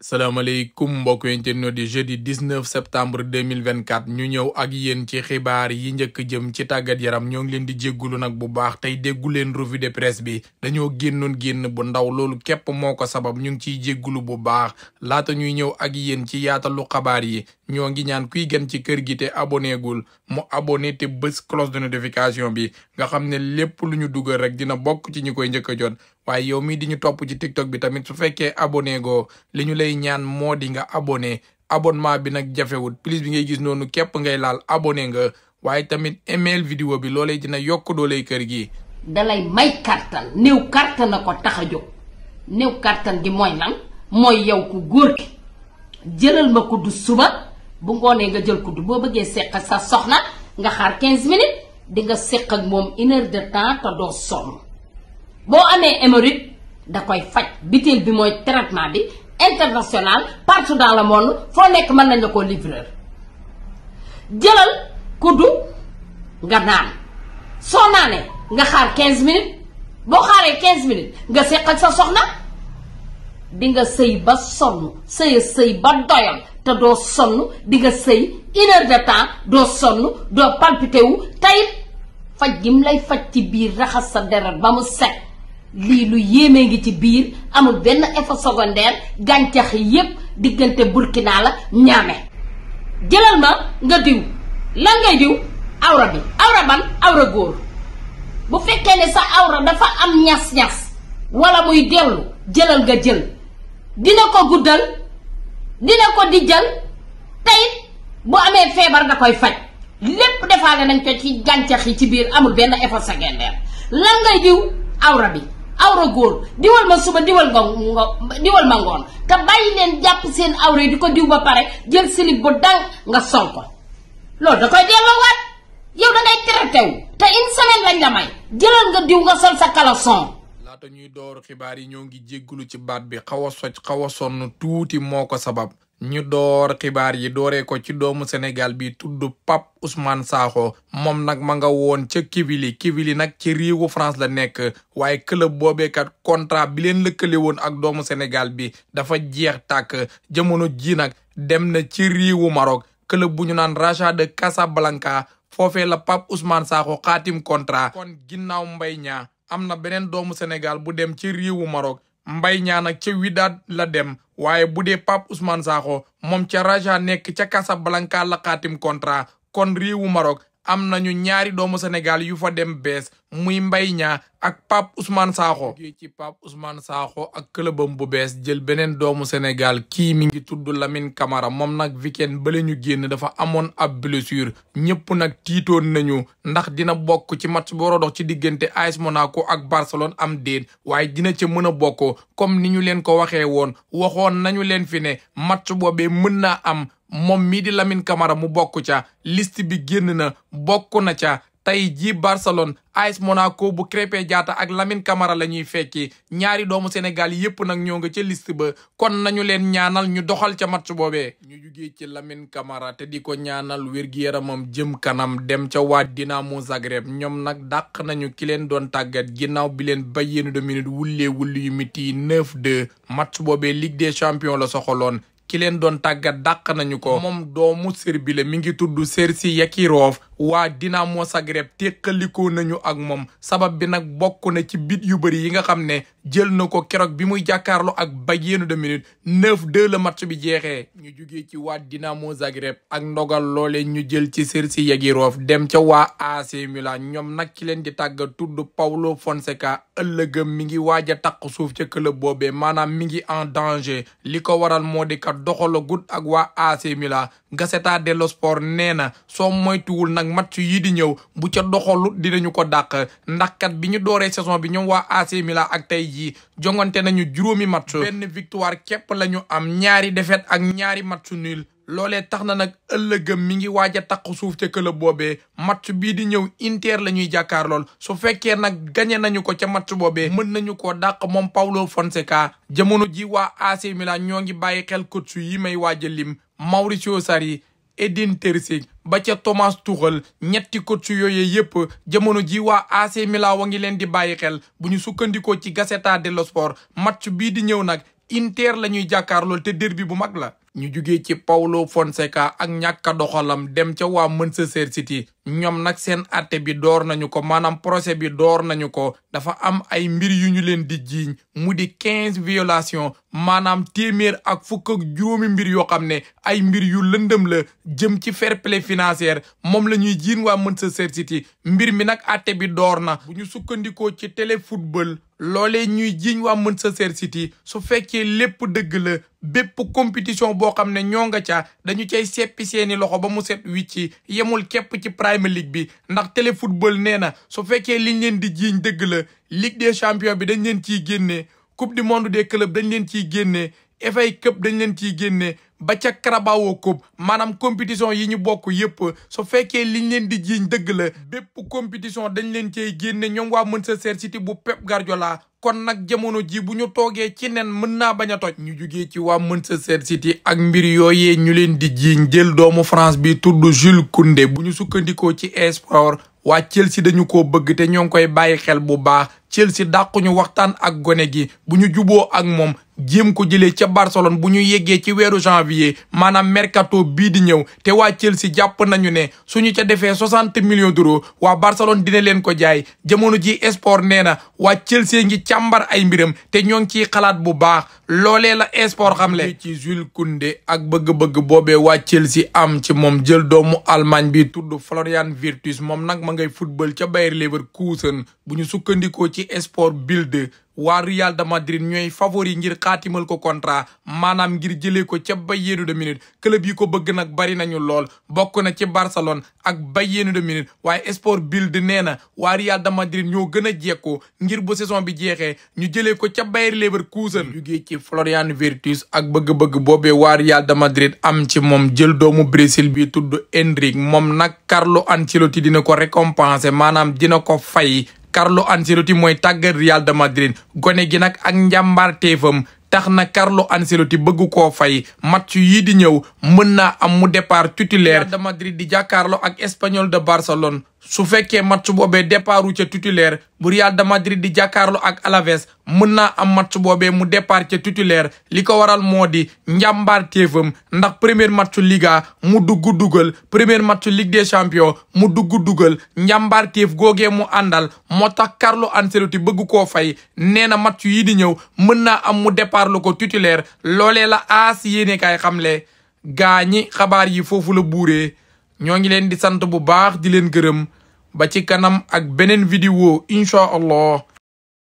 salaamaaleykum mbokk yi di jeudi 19 septembre 2024 ñu ñëw ak yéen ci xibaar yi njëkk jëm ci tàggat yaram ñoo ngi leen di jéggulu nag bu baax tey déggu leen revue de bi dañoo génnoon génn bu ndaw loolu képp moo ko sabab ñu ngi ciy jéggulu bu baax laata ñuy ñëw ak yéen ci yaatalu xabaar yi ñoo ngi ñaan kuy gën ci kër gi te abonné mu abonné bés cloche de notification bi nga xam ne lépp lu ñu dugal rek dina bokk ci ñu koy njëkk a jot waaye yow mii di ñu topp ci TikTok bi tamit su fekkee abonné li ñu lay ñaan moo di nga abonné abonnement bi nag jafewut plus bi ngay gis noonu képp ngay laal abonné nga waaye tamit email vidéo bi loola dina yokk lay kër gi. dalay may kàttan néew kàttan na ko tax a jóg néew kàttan gi mooy lan mooy yow ku góor gi jëlal ma kuddu suba bu ngoonee nga jël kuddu boo bëggee seq sa soxna nga xaar 15 minutes di nga seq ak moom une heure de temps te boo amee hémorroïde da koy faj bitil bi mooy traitement bi international partout dans le monde foo nekk mën nañ la koo livreur jëlal kuddu nga naan soo naanee nga xaar quinze minutes boo xaaree 15 minutes nga seq ak sa soxna dinga nga sëy ba sonn sëya sëy ba doyal te doo sonn dinga sëy une heure de temps doo sonn doo palpité wu tayit faj gi mu lay faj ci biir raxas sa deret ba mu set lii lu yéemee ngi ci biir amul benn effet secondaire gàncax yépp diggante Burkina la ñaame jëlal ma nga diw lan ngay diw awra bi awra ban awra góor bu fekkee ne sa awra dafa am ñas-ñas wala muy dellu jëlal nga jël dina ko guddal dina ko dijjal tayit bu amee feebar da koy faj lépp defaale nañ ko ci gàncax yi ci biir amul benn effet secondaire lan ngay diw awra bi awra góor diwal ma suba diwal nga diwal ma ngoon te bàyyi leen jàpp seen awra yi di ko diw ba pare jël silib bu dang nga sol ko loolu da koy delloowaat yow da ngay traité te une lañ la may jëlal nga diw nga sol sa caleçon. laata ñuy dooru xibaar yi ñoo ngi jéggalu ci baat bi xaw a soj xaw a sonn tuuti moo ko sabab. ñu door xibaar yi dooree ko ci doomu Sénégal bi tudd pap Ousmane Sakho moom nag ma nga woon ca Kivili Kivili nag ci réewu France la nekk waaye club boobeekat contrat bi leen lëkkale woon ak doomu Sénégal bi dafa jeex tàkk jamono ji nag dem na ci réewu Maroc club bu ñu naan Raja de Casablanca foofee la Pape Ousmane Sakho xaatim contrat kon ginnaaw mbay ñaa am na beneen doomu Sénégal bu dem ci réewu Maroc mbay ñaa ci ca Wydad la dem waaye bu dee Pape Ousmane Sakho moom ca Raja nekk ca Casablanca la xaatim contrat kon réewu Maroc am nañu ñaari doomu Sénégal yu fa dem bees muy mbay Niang ak Pape Ousmane Sakho ci Pape Ousmane Sakho ak këlëbam bu bees jël beneen doomu Sénégal kii mi ngi tudd Lamine Camara moom nag weekend bale ñu génn dafa amoon ab blessure ñëpp nag tiitoon nañu ndax dina bokk ci match bu ci diggante AS ko ak Barcelone am déet waaye dina ci mën a bokk comme ni ñu leen ko waxee woon waxoon nañu leen fi ne match boobee mën naa am moom mii di Lamine Camara mu bokk ca list bi génn na bokk na ca tey ji Barcelone AS Monaco bu Krépin Diatta ak lamin kamara la ñuy fekki ñaari doomu Sénégal yépp nag ñoo nga ca list ba kon nañu leen ñaanal ñu doxal ca match boobee. ñu jugee ci Lamine Camara te di ko ñaanal wér-gu-yaramam jëm kanam dem ca waa Dinamo Zagreb ñoom nag dàq nañu ki leen doon tàggat ginnaaw bi leen Bayern de Munich wullee wulli yu miti 9-2 match boobee Ligue des la sokoloon ki leen doon tàggat dàq nañu ko moom doomu Serbi la mi ngi tudd Sersi Yakirov waa Dinamo Zagreb téqalikoo nañu ak moom sabab bi nag bokk na ci bit yu bëri yi nga xam ne jël na ko keroog bi muy jàkkaarloo ak Bayern de Munich neuf deux la match bi jeexee ñu jugee ci waa Dinamo Zagreb ak ndogal loole ñu jël ci Sersi Yakirov dem ca waa AC Milan ñoom nag ki leen di tàggat tudd Paulo Fonseca ëllëgëm mi ngi waaj a taq suuf ca club boobee maanaam mi ngi en danger li ko waral moo di doxalagut ak waa AC Milan Gazzetta dello Sport nee na soo moytuwul nag match yii di ñëw bu ca doxalut dinañu ko dàq ndax kat bi ñu dooree saison bi ñoom waa AC Milan ak tey jii jongante nañu juróomi match benn victoire képp la ñu am ñaari défaite ak ñaari matsu nul loolee tax na nag ëllëgam mi ngi waaj a taq suuf ca club boobee match bii di ñëw Inter la ñuy jàkkaar lool su fekkee nag gagné nañu ko ca match boobee mën nañu ko dàq moom Paulo Fonseca jamono ji waa AC Milan ñoo ngi bàyyi xel coach yi may waaj a lim Mauricio Sarri Edin Terzic ba ca Thomas Tuchel ñetti coach yooyu yépp jamono ji waa AC Milan wa ngi leen di bàyyi xel bu ñu sukkandikoo ci Gazzetta dello Sport match bii di ñëw nag Inter la ñuy jàkkaar te derbi bu mag la ñu jugee ci Paulo Fonseca ak ñàkk a doxalam dem ca waa Manchester City ñoom nag seen àtte bi door nañu ko maanaam procès bi door nañu ko dafa am ay mbir yu ñu leen di jiiñ mu di quinze violation maanaam téeméer ak fukk ak mbir yoo xam ne ay mbir yu lëndëm la jëm ci fair play financier moom la ñuy jiin mën Manchester City mbir mi nag àtte bi door na bu ñu sukkandikoo ci télé football loole ñuy jiiñ wa waa Manchester City su fekkee lépp dëgg la bépp compétition boo xam ne ñoo nga ca dañu cay seppi seeni loxo ba mu set wicci yemul ci prime Premier League bi ndax télé football nee na su fekkee li leen di jiiñ dëgg la Ligue des champions bi dañ leen ciy génnee Coupe du monde des clubs dañ leen ciy génnee FA Cup dañ leen ciy génnee ba ca Carabao Cup maanaam compétition yi ñu bokk yépp su fekkee liñ leen di jiiñ dëgg la bépp compétition dañ leen cey génne ñoom waa Manchester City bu Pep Guardiola kon nag jamono ji bu ñu toogee ci nen mën naa bañ a toj ñu jugee ci waa Manchester City ak mbir yooyee ñu leen di jiiñ jël doomu France bi tudd Jules Koundé bu ñu sukkandikoo ci Espoir waa Chelsea dañu ko bëgg te ñoo ngi koy bàyyi xel bu baax Chelsea dàquñu waxtaan ak gone gi bu ñu juboo ak moom jéem ko jëlee ca Barcelone bu ñu yeggee ci weeru janvier maanaam mercato bii di ñëw te waa Chelsea jàpp nañu ne su ñu ca defee soixante millions d'euros waa Barcelone dina leen ko jaay jamono ji sport nee na waa Chelsea ngi càmbar ay mbiram te ñoo ngi ciy xalaat bu baax loolee la sport xamle. ci Jules Koundé ak bëgg-bëgg boobee waa Chelsea am ci moom jël doomu Allemagne bi tudd Florian Wirtz moom nag ma ngay football ca Bayer Leverkusen bu ci ci sport build waa Real de Madrid ñooy favori ngir xaatimal ko contrat maanaam ngir jëlee ko ca Bayern de Munich club yi ko bëgg nag bari nañu lool bokk na ci Barcelone ak Bayern de Munich waaye sport build nee na waa Real de Madrid ñoo gën a jekku ngir bu saison bi jeexee ñu jëlee ko ca Bayer Leverkusen jugee ci Florian Wirtz ak bëgg-bëgg boobee waa Real de Madrid am ci moom jël doomu Brésil bi tudd Endrick moom nag Carlo Ancelotti dina ko récompenser maanaam dina ko fay Carlo Ancelotti mooy tàggat Real de Madrid gone gi nag ak njàmbaarteefam tax na Carlo Ancelotti bëggu koo fay match yii di ñëw mën naa am mu départ titulaire Real de Madrid di jàkkaarloo ak Espanyol de Barcelone su fekkee match boobee départ ca titulaire bu Real de Madrid di jàkkaarloo ak Alaves mën naa am match boobe mu départ ca titulaire li ko waral moo di njàmbaar ndax premier match liga mu dugg dugal premier match ligue des champions mu dugg dugal njàmbaar googe mu àndal moo tax Carlo Ancelotti bëgg koo fay nee na match yii di ñëw mën naa am mu départ lu ko titulaire loolee la aas yéene kaay xamle gaa ñi xabaar yi foofula la ñoo ngi leen di sant bu baax di leen gërëm ba ci kanam ak beneen vidéo incha allah